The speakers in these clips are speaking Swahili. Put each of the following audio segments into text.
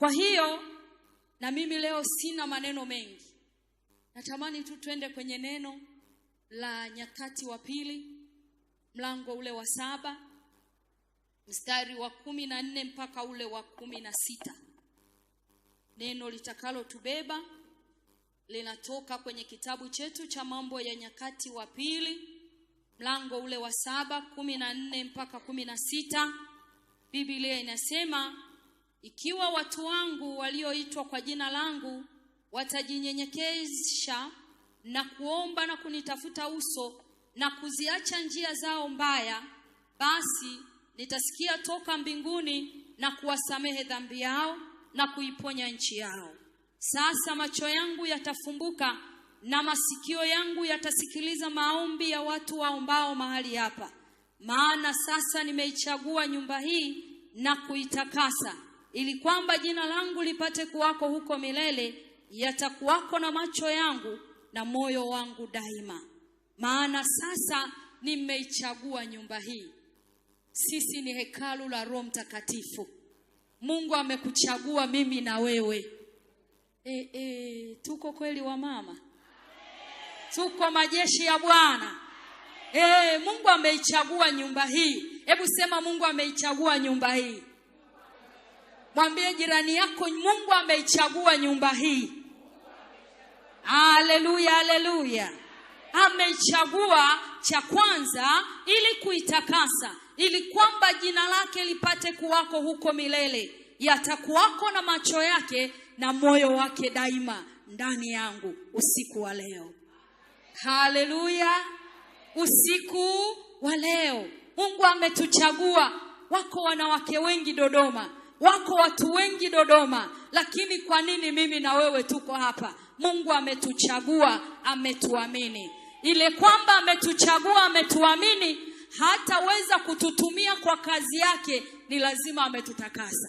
Kwa hiyo na mimi leo sina maneno mengi, natamani tu twende kwenye neno la Nyakati wa Pili mlango ule wa saba mstari wa kumi na nne mpaka ule wa kumi na sita. Neno litakalotubeba linatoka kwenye kitabu chetu cha Mambo ya Nyakati wa Pili mlango ule wa saba kumi na nne mpaka kumi na sita. Biblia inasema ikiwa watu wangu walioitwa kwa jina langu watajinyenyekesha na kuomba na kunitafuta uso na kuziacha njia zao mbaya, basi nitasikia toka mbinguni na kuwasamehe dhambi yao na kuiponya nchi yao. Sasa macho yangu yatafumbuka na masikio yangu yatasikiliza maombi ya watu waombao mahali hapa, maana sasa nimeichagua nyumba hii na kuitakasa ili kwamba jina langu lipate kuwako huko milele, yatakuwako na macho yangu na moyo wangu daima. Maana sasa nimeichagua nyumba hii. Sisi ni hekalu la Roho Mtakatifu. Mungu amekuchagua mimi na wewe. E, e, tuko kweli wa mama, tuko majeshi ya Bwana. E, Mungu ameichagua nyumba hii. Hebu sema Mungu ameichagua nyumba hii mwambie jirani yako mungu ameichagua nyumba hii haleluya haleluya ameichagua cha kwanza ili kuitakasa ili kwamba jina lake lipate kuwako huko milele yatakuwako na macho yake na moyo wake daima ndani yangu usiku wa leo haleluya usiku wa leo mungu ametuchagua wako wanawake wengi dodoma Wako watu wengi Dodoma, lakini kwa nini mimi na wewe tuko hapa? Mungu ametuchagua, ametuamini. Ile kwamba ametuchagua, ametuamini, hataweza kututumia kwa kazi yake, ni lazima ametutakasa.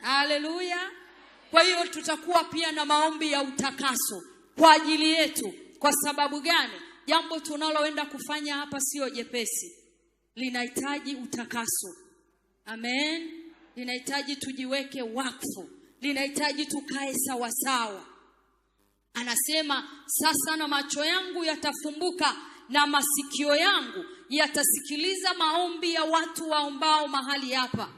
Haleluya! Kwa hiyo tutakuwa pia na maombi ya utakaso kwa ajili yetu. Kwa sababu gani? Jambo tunaloenda kufanya hapa sio jepesi, linahitaji utakaso. Amen linahitaji tujiweke wakfu, linahitaji tukae sawasawa. Anasema sasa, na macho yangu yatafumbuka na masikio yangu yatasikiliza maombi ya watu waombao mahali hapa.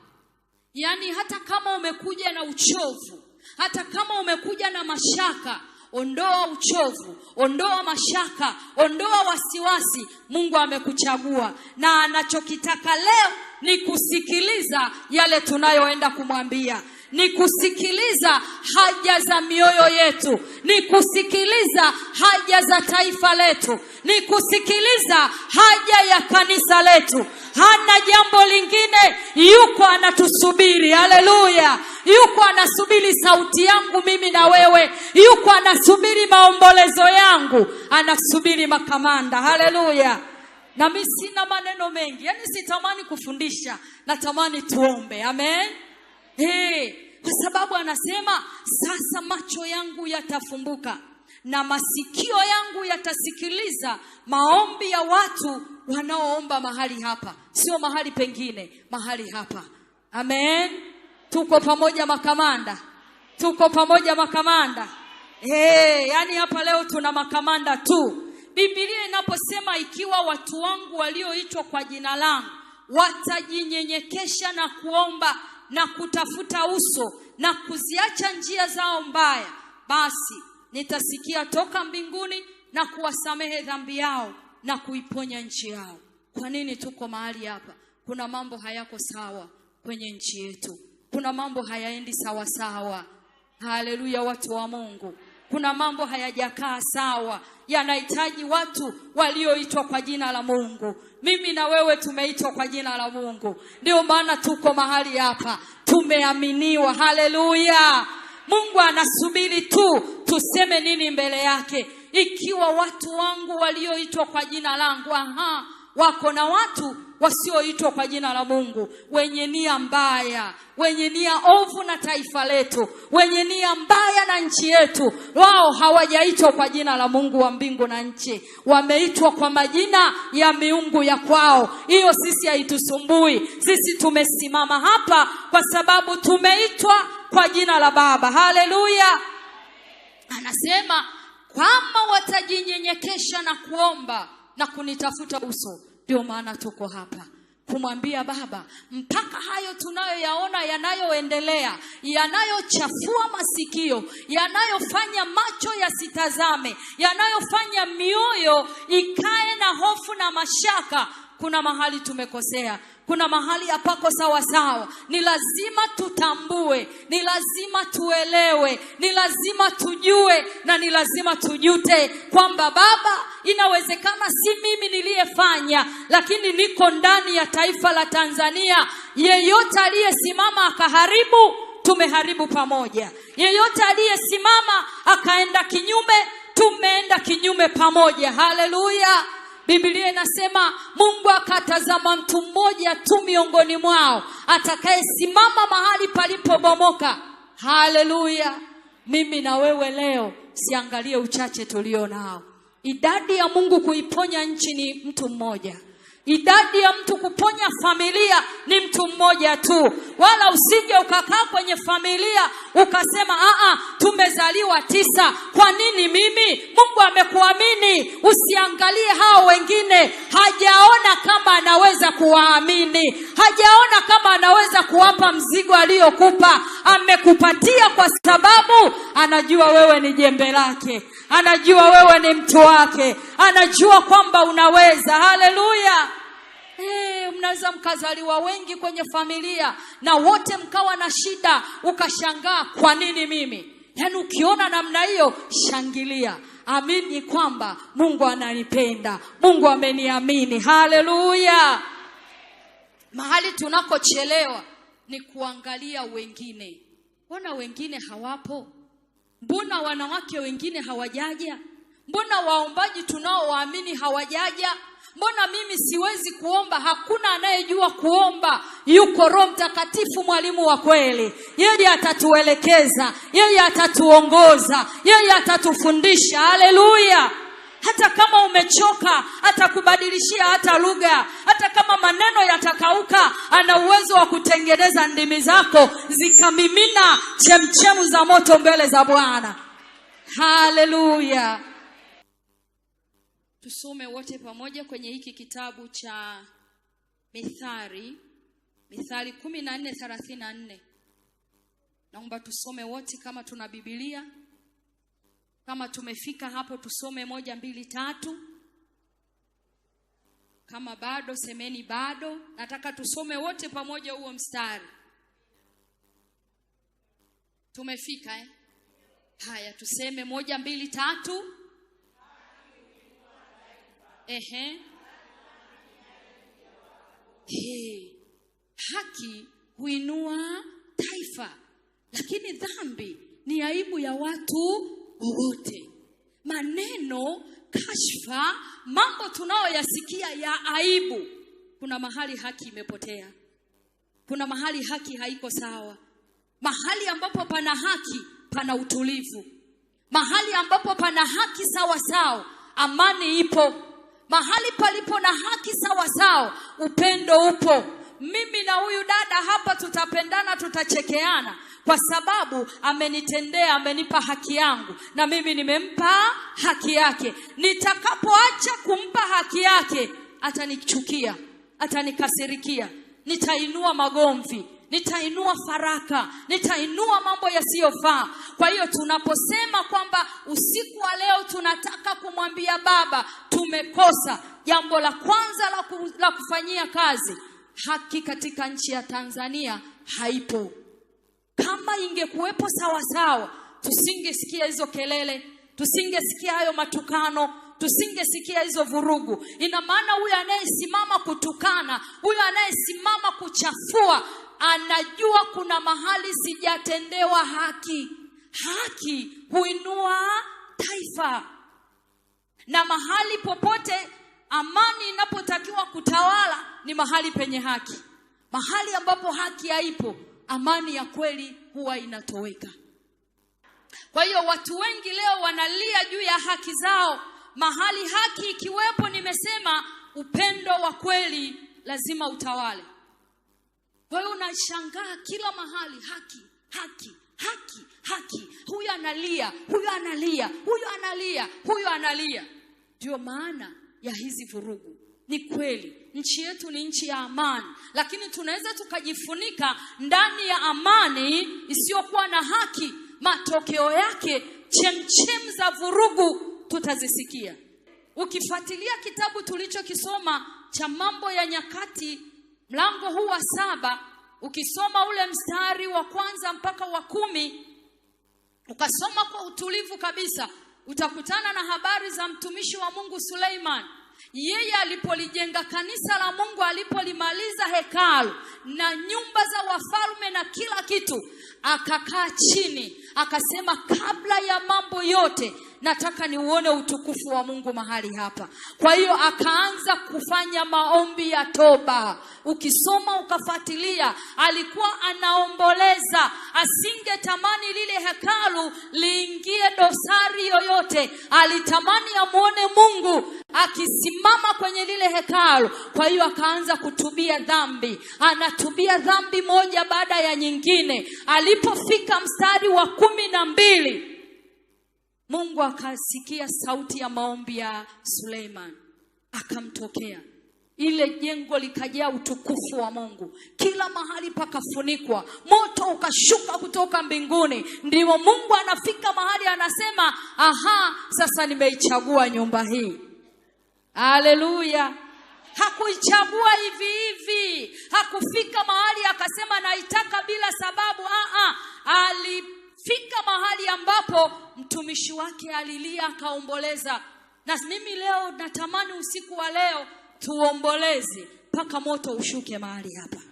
Yaani, hata kama umekuja na uchovu, hata kama umekuja na mashaka, ondoa uchovu, ondoa mashaka, ondoa wasiwasi. Mungu amekuchagua na anachokitaka leo ni kusikiliza yale tunayoenda kumwambia ni kusikiliza haja za mioyo yetu, ni kusikiliza haja za taifa letu, ni kusikiliza haja ya kanisa letu. Hana jambo lingine, yuko anatusubiri. Haleluya! Yuko anasubiri sauti yangu mimi na wewe, yuko anasubiri maombolezo yangu, anasubiri makamanda. Haleluya! na mi sina maneno mengi, yaani sitamani kufundisha, natamani tuombe. Amen, hey, kwa sababu anasema sasa macho yangu yatafumbuka na masikio yangu yatasikiliza maombi ya watu wanaoomba mahali hapa, sio mahali pengine, mahali hapa. Amen, tuko pamoja makamanda, tuko pamoja makamanda. Hey, yaani hapa leo tuna makamanda tu Biblia inaposema ikiwa watu wangu walioitwa kwa jina langu watajinyenyekesha na kuomba na kutafuta uso na kuziacha njia zao mbaya, basi nitasikia toka mbinguni na kuwasamehe dhambi yao na kuiponya nchi yao. Kwa nini tuko mahali hapa? Kuna mambo hayako sawa kwenye nchi yetu, kuna mambo hayaendi sawa sawa. Haleluya, watu wa Mungu kuna mambo hayajakaa sawa, yanahitaji watu walioitwa kwa jina la Mungu. Mimi na wewe tumeitwa kwa jina la Mungu, ndio maana tuko mahali hapa, tumeaminiwa. Haleluya! Mungu anasubiri tu tuseme nini mbele yake. Ikiwa watu wangu walioitwa kwa jina langu, aha, wako na watu wasioitwa kwa jina la Mungu, wenye nia mbaya, wenye nia ovu na taifa letu, wenye nia mbaya na nchi yetu. Wao hawajaitwa kwa jina la Mungu wa mbingu na nchi, wameitwa kwa majina ya miungu ya kwao. Hiyo sisi haitusumbui. Sisi tumesimama hapa kwa sababu tumeitwa kwa jina la Baba. Haleluya! Anasema kama watajinyenyekesha na kuomba na kunitafuta uso ndio maana tuko hapa kumwambia Baba, mpaka hayo tunayoyaona yanayoendelea, yanayochafua masikio, yanayofanya macho yasitazame, yanayofanya mioyo ikae na hofu na mashaka, kuna mahali tumekosea kuna mahali hapako sawasawa. Ni lazima tutambue, ni lazima tuelewe, ni lazima tujue na ni lazima tujute kwamba Baba, inawezekana si mimi niliyefanya, lakini niko ndani ya taifa la Tanzania. Yeyote aliyesimama akaharibu, tumeharibu pamoja. Yeyote aliyesimama akaenda kinyume, tumeenda kinyume pamoja. Haleluya! Biblia inasema Mungu akatazama mtu mmoja tu miongoni mwao atakayesimama mahali palipobomoka. Haleluya! Mimi na wewe leo, siangalie uchache tulio nao. Idadi ya Mungu kuiponya nchi ni mtu mmoja. Idadi ya mtu kuponya familia ni mtu mmoja tu, wala usije ukakaa kwenye familia ukasema aa, tumezaliwa tisa, kwa nini mimi? Mungu amekuamini, usiangalie hao wengine. Hajaona kama anaweza kuwaamini, hajaona kama anaweza kuwapa mzigo aliyokupa. Amekupatia kwa sababu anajua wewe ni jembe lake, anajua wewe ni mtu wake, anajua kwamba unaweza. Haleluya! hey, mnaweza mkazaliwa wengi kwenye familia na wote mkawa na shida ukashangaa kwa nini mimi yaani ukiona namna hiyo shangilia amini kwamba mungu ananipenda mungu ameniamini haleluya mahali tunakochelewa ni kuangalia wengine mbona wengine hawapo mbona wanawake wengine hawajaja mbona waombaji tunaowaamini hawajaja mbona mimi siwezi kuomba? Hakuna anayejua kuomba, yuko Roho Mtakatifu, mwalimu wa kweli. Yeye atatuelekeza, yeye atatuongoza, yeye atatufundisha. Haleluya! Hata kama umechoka, atakubadilishia hata lugha. Hata kama maneno yatakauka, ana uwezo wa kutengeneza ndimi zako zikamimina chemchemu za moto mbele za Bwana. Haleluya! tusome wote pamoja kwenye hiki kitabu cha Mithali, Mithali kumi na nne thelathini na nne. Naomba tusome wote kama tuna Biblia. Kama tumefika hapo tusome moja, mbili, tatu. Kama bado semeni bado. Nataka tusome wote pamoja huo mstari. Tumefika eh? Haya, tuseme moja, mbili, tatu. Ehe. He. Haki huinua taifa, lakini dhambi ni aibu ya watu wote. Maneno, kashfa, mambo tunayoyasikia ya aibu, kuna mahali haki imepotea, kuna mahali haki haiko sawa. Mahali ambapo pana haki pana utulivu, mahali ambapo pana haki sawa sawa, amani ipo mahali palipo na haki sawa sawa upendo upo mimi na huyu dada hapa tutapendana tutachekeana kwa sababu amenitendea amenipa haki yangu na mimi nimempa haki yake nitakapoacha kumpa haki yake atanichukia atanikasirikia nitainua magomvi nitainua faraka nitainua mambo yasiyofaa kwa hiyo tunaposema kwamba usiku wa leo tunataka kumwambia baba tumekosa jambo la kwanza la, ku, la kufanyia kazi haki katika nchi ya tanzania haipo kama ingekuwepo sawasawa tusingesikia hizo kelele tusingesikia hayo matukano tusingesikia hizo vurugu. Ina maana huyo anayesimama kutukana, huyo anayesimama kuchafua, anajua kuna mahali sijatendewa haki. Haki huinua taifa, na mahali popote amani inapotakiwa kutawala ni mahali penye haki. Mahali ambapo haki haipo, amani ya kweli huwa inatoweka. Kwa hiyo watu wengi leo wanalia juu ya haki zao, mahali haki ikiwepo, nimesema upendo wa kweli lazima utawale. Kwa hiyo unashangaa kila mahali, haki haki haki haki, huyu analia, huyu analia, huyu analia, huyu analia. Ndio maana ya hizi vurugu. Ni kweli nchi yetu ni nchi ya amani, lakini tunaweza tukajifunika ndani ya amani isiyokuwa na haki. Matokeo yake chemchem za vurugu tutazisikia. Ukifuatilia kitabu tulichokisoma cha Mambo ya Nyakati mlango huu wa saba, ukisoma ule mstari wa kwanza mpaka wa kumi ukasoma kwa utulivu kabisa, utakutana na habari za mtumishi wa Mungu Suleiman. Yeye alipolijenga kanisa la Mungu, alipolimaliza hekalu na nyumba za wafalme na kila kitu, akakaa chini akasema, kabla ya mambo yote nataka niuone utukufu wa Mungu mahali hapa. Kwa hiyo akaanza kufanya maombi ya toba. Ukisoma ukafuatilia, alikuwa anaomboleza, asingetamani lile hekalu liingie dosari yoyote. Alitamani amwone Mungu akisimama kwenye lile hekalu. Kwa hiyo akaanza kutubia dhambi, anatubia dhambi moja baada ya nyingine. Alipofika mstari wa kumi na mbili Mungu akasikia sauti ya maombi ya Suleiman, akamtokea. Ile jengo likajaa utukufu wa Mungu, kila mahali pakafunikwa, moto ukashuka kutoka mbinguni. ndio Mungu anafika mahali anasema, aha, sasa nimeichagua nyumba hii. Haleluya! Hakuichagua hivi hivi, hakufika mahali akasema naitaka bila sababu. Aha, ali fika mahali ambapo mtumishi wake alilia akaomboleza na mimi leo natamani usiku wa leo tuomboleze mpaka moto ushuke mahali hapa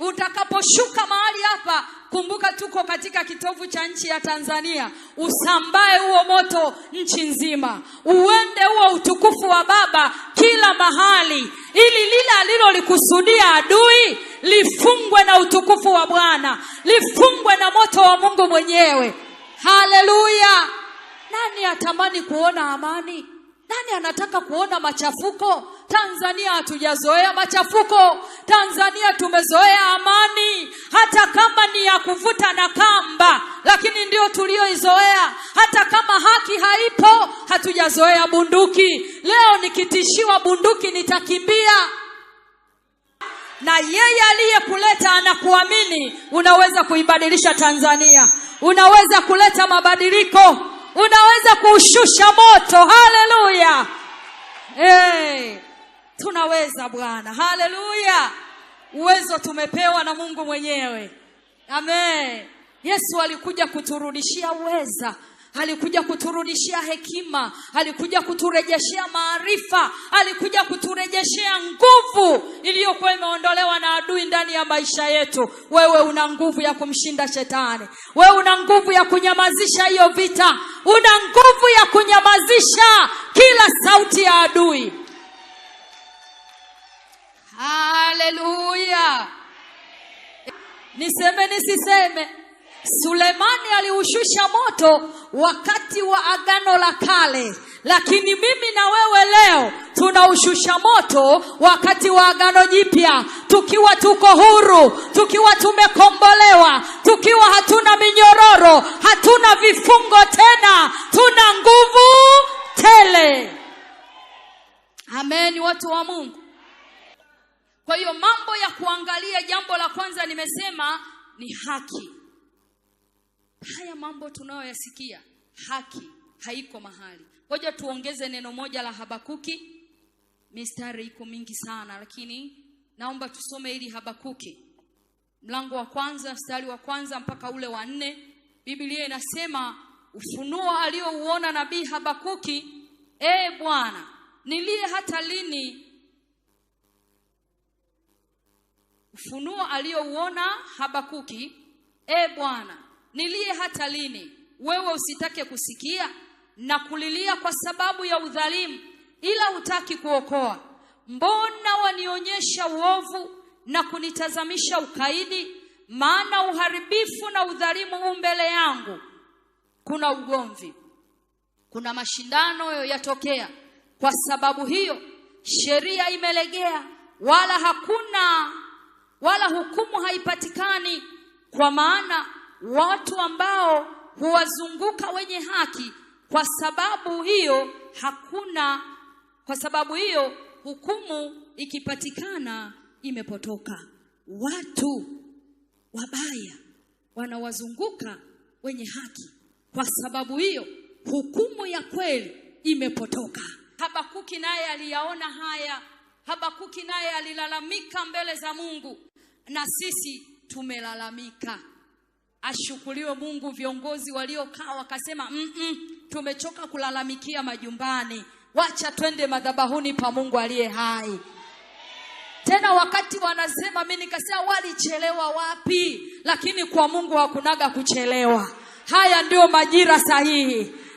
utakaposhuka mahali hapa kumbuka tuko katika kitovu cha nchi ya tanzania usambae huo moto nchi nzima uende huo utukufu wa baba kila mahali ili lile alilolikusudia adui lifungwe na utukufu wa bwana lifungwe na moto wa mungu mwenyewe haleluya nani atamani kuona amani nani anataka kuona machafuko tanzania hatujazoea machafuko tanzania tumezoea amani hata kama ni ya kuvuta na kamba lakini ndio tuliyoizoea hata kama haki haipo hatujazoea bunduki leo nikitishiwa bunduki nitakimbia na yeye aliyekuleta anakuamini unaweza kuibadilisha tanzania unaweza kuleta mabadiliko unaweza kuushusha moto haleluya hey tunaweza Bwana. Haleluya! Uwezo tumepewa na Mungu mwenyewe. Amen. Yesu alikuja kuturudishia uweza alikuja kuturudishia hekima, alikuja kuturejeshea maarifa, alikuja kuturejeshea nguvu iliyokuwa imeondolewa na adui ndani ya maisha yetu. Wewe una nguvu ya kumshinda shetani, wewe una nguvu ya kunyamazisha hiyo vita, una nguvu ya kunyamazisha kila sauti ya adui. niseme nisiseme sulemani aliushusha moto wakati wa agano la kale lakini mimi na wewe leo tunaushusha moto wakati wa agano jipya tukiwa tuko huru tukiwa tumekombolewa tukiwa hatuna minyororo hatuna vifungo tena tuna nguvu tele amen watu wa mungu kwa hiyo mambo ya kuangalia, jambo la kwanza nimesema ni haki. Haya mambo tunayoyasikia, haki haiko mahali. Ngoja tuongeze neno moja la Habakuki. Mistari iko mingi sana, lakini naomba tusome ili Habakuki mlango wa kwanza mstari wa kwanza mpaka ule wa nne. Biblia inasema ufunuo aliyouona nabii Habakuki, ee Bwana, nilie hata lini ufunuo aliyouona Habakuki, e Bwana, nilie hata lini? Wewe usitake kusikia na kulilia kwa sababu ya udhalimu, ila hutaki kuokoa. Mbona wanionyesha uovu na kunitazamisha ukaidi? Maana uharibifu na udhalimu u mbele yangu. Kuna ugomvi, kuna mashindano yatokea. Kwa sababu hiyo sheria imelegea, wala hakuna wala hukumu haipatikani, kwa maana watu ambao huwazunguka wenye haki, kwa sababu hiyo hakuna, kwa sababu hiyo hukumu ikipatikana imepotoka. Watu wabaya wanawazunguka wenye haki, kwa sababu hiyo hukumu ya kweli imepotoka. Habakuki naye aliyaona haya. Habakuki naye alilalamika mbele za Mungu na sisi tumelalamika. Ashukuriwe Mungu, viongozi waliokaa wakasema mm -mm, tumechoka kulalamikia majumbani, wacha twende madhabahuni pa Mungu aliye hai. Tena wakati wanasema, mimi nikasema walichelewa wapi? Lakini kwa Mungu hakunaga kuchelewa. Haya ndio majira sahihi.